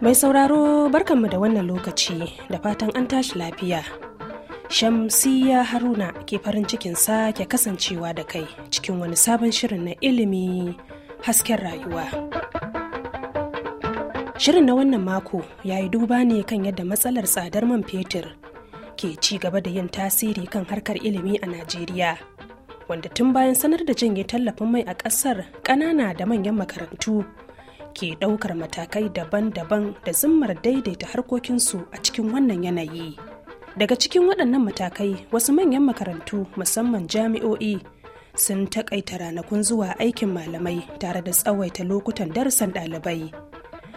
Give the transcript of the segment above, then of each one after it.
Mai sauraro barkanmu da wannan lokaci da fatan an tashi lafiya. Shamsiya Haruna ke farin cikin sake kasancewa da kai cikin wani sabon shirin na ilimi hasken rayuwa. Shirin na wannan mako ya yi duba ne kan yadda matsalar tsadar man fetur ke ci gaba da yin tasiri kan harkar ilimi a Najeriya. Wanda tun bayan sanar da janye tallafin mai a ƙasar ƙanana da manyan makarantu ke ɗaukar matakai daban-daban da zimmar daidaita harkokinsu a cikin wannan yanayi. Daga cikin waɗannan matakai wasu manyan makarantu musamman jami'o'i sun taƙaita ranakun zuwa aikin malamai tare da tsawaita lokutan darsan ɗalibai.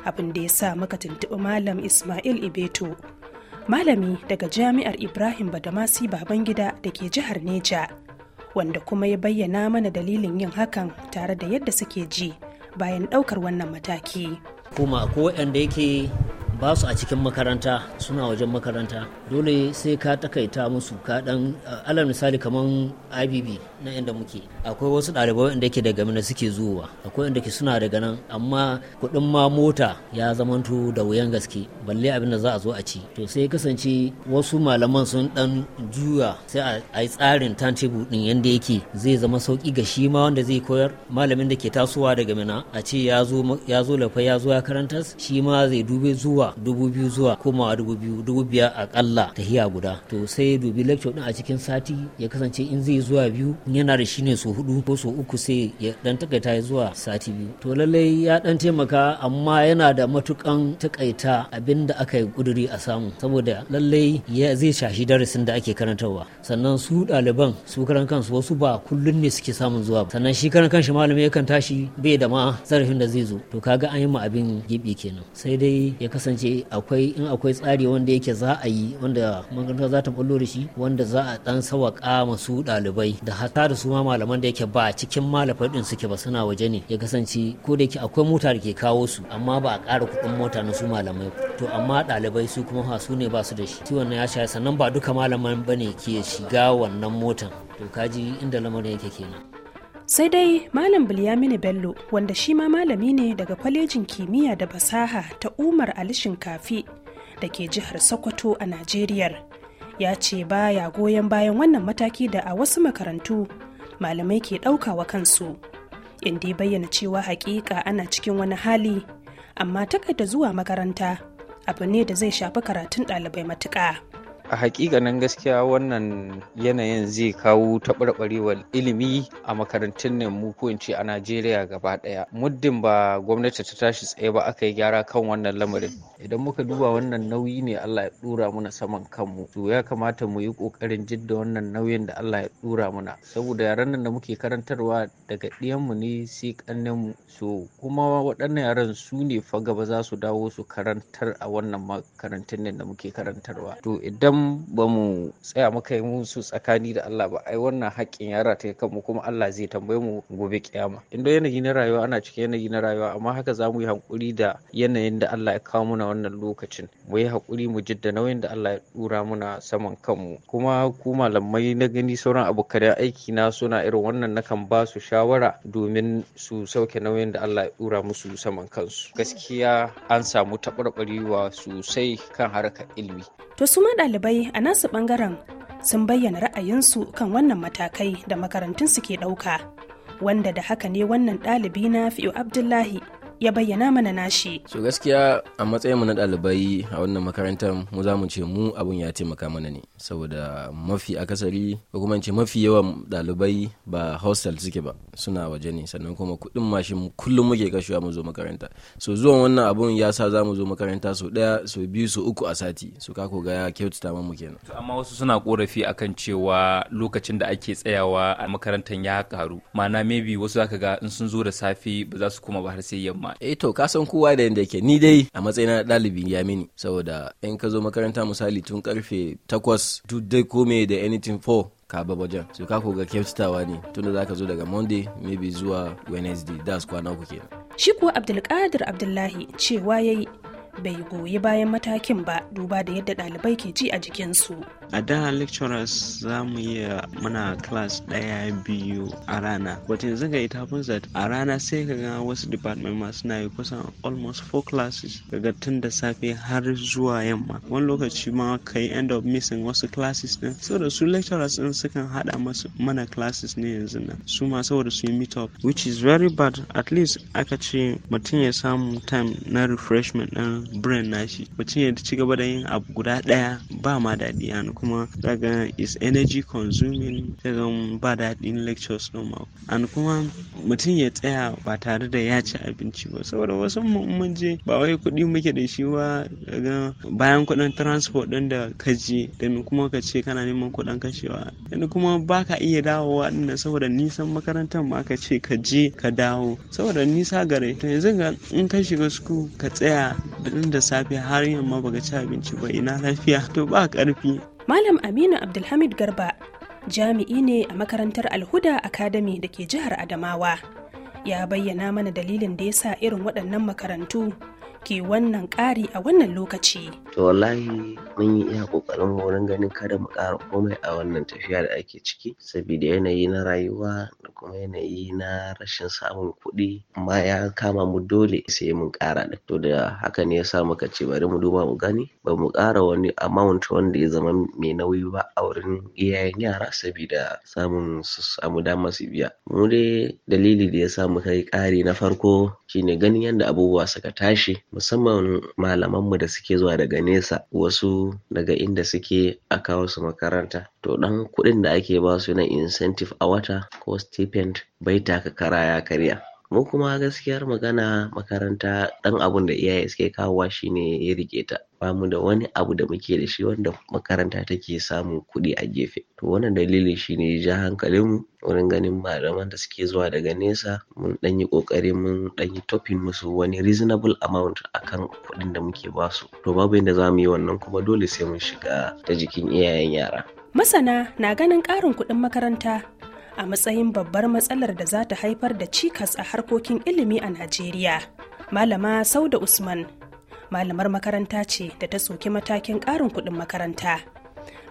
Abin da ya sa muka tuntuɓi Malam Ismail Ibeto, malami daga jami'ar Ibrahim Badamasi Babangida da ke jihar Neja, wanda kuma ya bayyana mana dalilin yin hakan tare da yadda suke ji. bayan ɗaukar wannan mataki. Kuma ko waɗanda yake ba su a cikin makaranta suna wajen makaranta dole sai ka takaita musu ka dan alal misali kaman ibb na inda muke akwai wasu ɗalibai wanda ke daga mina suke zuwa akwai wanda ke suna daga nan amma kuɗin ma mota ya zamanto da wuyan gaske balle abin da za a zo a ci to sai kasance wasu malaman sun dan juya sai a yi tsarin timetable din yanda yake zai zama sauki ga shi ma wanda zai koyar malamin da ke tasowa daga mina a ce ya zo lafa ya zo ya karanta shi ma zai dube zuwa dubu biyu zuwa komawa dubu biyu dubu biyar tahiya guda to sai dubi lecture din a cikin sati ya kasance in zai zuwa biyu yana da shi ne so hudu ko so uku sai ya dan takaita ya zuwa sati biyu to lallai ya dan taimaka amma yana da matukan takaita abinda aka yi kuduri a samu saboda lallai ya zai shashi darasin da ake karantarwa sannan su ɗaliban su karan kansu wasu ba kullum ne suke samun zuwa sannan shi karan kanshi malami yakan tashi bai da ma zarafin da zai zo to kaga an yi ma abin gibi kenan sai dai ya kasance kasance akwai in akwai tsari wanda yake za a yi wanda makaranta za ta bullo da shi wanda za a dan sawaka masu ɗalibai da hata da su ma malaman da yake ba cikin malafai din suke ba suna waje ne ya kasance ko da yake akwai mota da ke kawo su amma ba a ƙara kuɗin mota na su malamai to amma ɗalibai su kuma ha su ne ba su da shi ciwon wannan ya sha sannan ba duka malaman bane ke shiga wannan motan to kaji inda lamarin yake kenan sai dai malam bilyamini bello wanda shi ma malami ne daga kwalejin kimiyya da fasaha ta umar ali shinkafi da ke jihar sokoto a najeriya ya ce ba ya goyon bayan wannan mataki da a wasu makarantu malamai ke ɗaukawa kansu inda ya bayyana cewa hakika ana cikin wani hali amma takaita zuwa makaranta abu ne da zai shafi karatun ɗalibai matuƙa. a hakikanin gaskiya wannan yanayin zai kawo taɓarɓarewar ilimi a makarantun ne mu ko ce a najeriya gaba ɗaya muddin ba gwamnati ta tashi tsaye ba aka yi gyara kan wannan lamarin idan muka duba wannan nauyi ne allah ya ɗura mana saman kanmu to ya kamata mu yi ƙoƙarin jidda wannan nauyin da allah ya ɗura mana saboda yaran nan da muke karantarwa daga ɗiyanmu ne sai mu so kuma waɗannan yaran su ne fa gaba za su dawo su karantar a wannan makarantun ne da muke karantarwa to idan ba mu tsaya muka yi musu tsakani da Allah ba ai wannan haƙƙin yara ta kanmu kuma Allah zai tambaye mu gobe kiyama in dai yanayi na rayuwa ana cikin yanayi na rayuwa amma haka za mu yi haƙuri da yanayin da Allah ya kawo muna wannan lokacin mu yi haƙuri mu jidda nauyin da Allah ya dura muna saman kanmu kuma ku malamai na gani sauran abokan aiki na suna irin wannan na kan ba su shawara domin su sauke nauyin da Allah ya dura musu saman kansu gaskiya an samu taɓarɓarewa sosai kan harkar ilimi to su ma ɗalibai ɗalibai a nasu ɓangaren sun bayyana ra'ayinsu kan wannan matakai da makarantunsu ke ɗauka wanda da haka ne wannan ɗalibi na fiyo abdullahi ya bayyana mana nashi. So gaskiya a matsayin mu na ɗalibai a wannan makarantar mu za mu ce mu abun ya taimaka mana ne saboda mafi akasari ko kuma ce mafi yawan ɗalibai ba hostel suke ba suna waje ne sannan kuma kuɗin mashin kullum muke kashewa mu zo makaranta. So zuwan wannan abun ya sa za mu zo makaranta sau ɗaya so biyu so uku a sati so ka ga ya kyautata mu kenan. Amma wasu suna korafi akan cewa lokacin da ake tsayawa a makarantar ya karu ma'ana maybe wasu zaka ga in sun zo da safe ba za su koma ba har sai yamma eh to ka san kowa da yadda yake ni dai a matsayina ɗalibin ya mini saboda in ka zo makaranta misali tun karfe takwas duk dai kome da anything for ka ba wajen so ka ga kyautatawa ne tunda zaka zo daga monday maybe zuwa wednesday das kwana uku kenan shi kuwa abdulkadir abdullahi cewa yayi bai goyi bayan matakin ba duba da yadda ɗalibai ke ji a jikinsu. a da lecturers za mu iya muna class daya biyu a rana but yanzu ga ita happens a rana sai ka ga wasu department ma suna yi kusan almost four classes daga tun da safe har zuwa yamma wani lokaci ma ka yi end of missing wasu classes din saboda su lecturers din sukan hada masu mana classes ne yanzu nan su ma saboda su yi meet up which is very bad at least aka ce mutum ya samu time na refreshment din brain nashi mutum ya ci gaba da yin abu guda daya ba ma daɗi ya kuma daga is energy consuming daga ba daɗin lectures ɗin ma an kuma mutum ya tsaya ba tare da ya ci abinci ba saboda wasu mun je ba wai kuɗi muke da shi ba daga bayan kuɗin transport ɗin da ka je dan kuma ka ce kana neman kuɗin kashewa dan kuma ba ka iya dawowa ɗin saboda nisan makarantar ma ka ce ka je ka dawo saboda nisa gare to yanzu ga in ka shiga suku ka tsaya da safe har yamma baka ci abinci ba ina lafiya to ba ƙarfi Malam Aminu Abdulhamid Garba jami'i ne a makarantar Alhuda Academy da ke jihar Adamawa. Ya bayyana mana dalilin da ya sa irin waɗannan makarantu ke wannan ƙari a wannan lokaci. To wallahi mun yi iya ƙoƙarin wurin ganin kada mu ƙara komai a wannan tafiya da ake ciki saboda yanayi na rayuwa da kuma yanayi na rashin samun kuɗi amma ya kama mu dole sai mun ƙara da to da haka ne yasa muka ce bari mu duba mu gani ba mu ƙara wani amount wanda ya zama mai nauyi ba a wurin iyayen yara saboda samun su samu dama su biya mu dai dalili da yasa muka yi ƙari na farko shine ganin yadda abubuwa suka tashi musamman malamanmu da suke zuwa daga nesa wasu daga inda suke a kawo su makaranta to dan kuɗin da ake ba su na incentive a wata ko stipend bai taka kara ya karya mu kuma gaskiyar magana makaranta ɗan abun da iyaye suke kawowa shine ya rike ta ba mu da wani abu da muke da shi wanda makaranta take samun kuɗi a gefe to wannan dalili shine ya ja hankalinmu wurin ganin malaman da suke zuwa daga nesa mun ɗan yi ƙoƙari mun ɗan yi topin musu wani reasonable amount akan kuɗin da muke basu to babu yadda za mu yi wannan kuma dole sai mun shiga ta jikin iyayen yara masana na ganin ƙarin kuɗin makaranta a matsayin babbar matsalar da za ta haifar da cikas a harkokin ilimi a Najeriya. Malama Sauda Usman, malamar makaranta ce da ta soki matakin ƙarin kuɗin makaranta.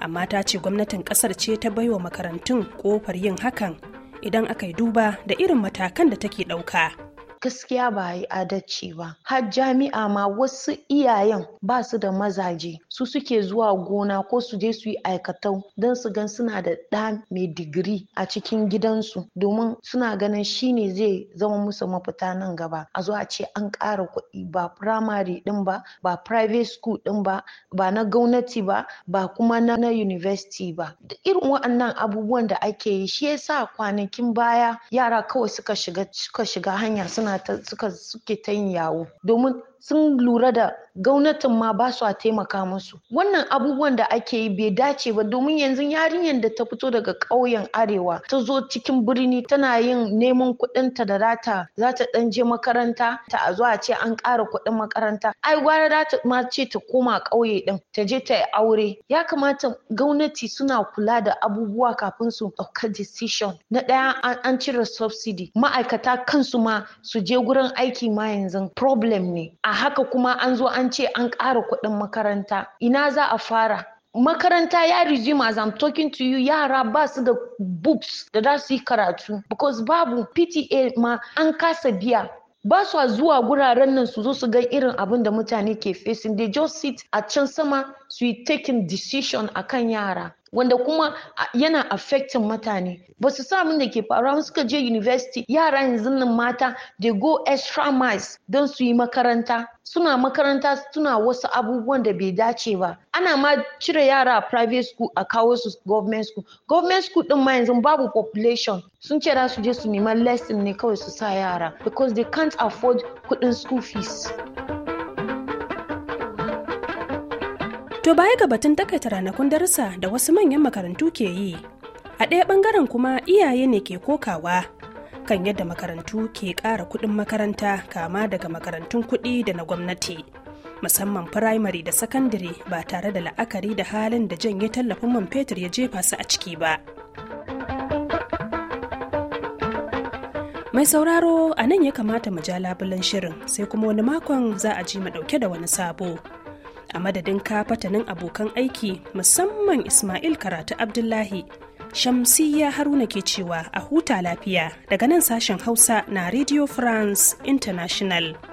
Amma ta ce gwamnatin ƙasar ce ta baiwa makarantun ƙofar yin hakan idan aka yi duba da irin matakan da take ɗauka. gaskiya ba a yi adalci ba har jami'a ma wasu iyayen ba su da mazaje su suke zuwa gona ko su je su yi aikatau don su gan suna da ɗa mai digiri a cikin gidansu domin suna ganin shine zai zama musu mafita nan gaba a zo a ce an ƙara kuɗi ba firamare ɗin ba ba private school ɗin ba ba na gwamnati ba ba kuma na, na university ba irin waɗannan abubuwan da ake yi shi yasa kwanakin baya yara kawai suka shiga suka shiga hanya suna suna ta suka suke ta yin yawo domin sun lura da gwamnatin ma ba su taimaka musu wannan abubuwan da ake yi bai dace ba domin yanzu yarinyar da ta fito daga ƙauyen arewa ta zo cikin birni tana yin neman kuɗin ta da rata za ta ɗan je makaranta ta a zo a ce an ƙara kuɗin makaranta ai gwara za ta ma ce ta koma ƙauye ɗin ta je ta yi aure ya kamata gwamnati suna kula da abubuwa kafin su ɗauka decision na ɗaya an cire subsidy ma'aikata kansu ma su je gurin aiki ma yanzu problem ne a haka kuma an zo an ce an ƙara kuɗin makaranta ina za a fara makaranta ya resume as I'm talking to you yara ba su da books da za su yi karatu because babu PTA ma an kasa biya ba su zuwa guraren nan su zo su ga irin abin da mutane ke facing they just sit a can sama su yi taking decision kan yara wanda kuma yana affecting mutane ba su sa min da ke faruwa suka je university yara yanzu nan mata they go extra miles don su yi makaranta suna makaranta suna wasu abubuwan da bai dace ba ana ma cire yara a private school a kawo su government school government school din ma yanzu babu population sun ce za su je su neman lesson ne kawai su sa yara because they can't afford kudin school fees. To baya ga batun takaita ranakun darussa da wasu manyan makarantu ke yi, a ɗaya ɓangaren kuma iyaye ne ke kokawa kan yadda makarantu ke ƙara kuɗin makaranta kama daga makarantun kuɗi da na gwamnati. Musamman firamare da sakandare ba tare da la'akari da halin da janye tallafin man fetur ya jefa su a ciki ba. Mai sauraro a nan ya kamata mu ja labulen shirin sai kuma wani makon za a ji mu ɗauke da wani sabo. a madadin kafatanin abokan aiki musamman Ismail Karatu Abdullahi. Shamsiyya Haruna ke cewa a huta lafiya daga nan sashen Hausa na Radio France International.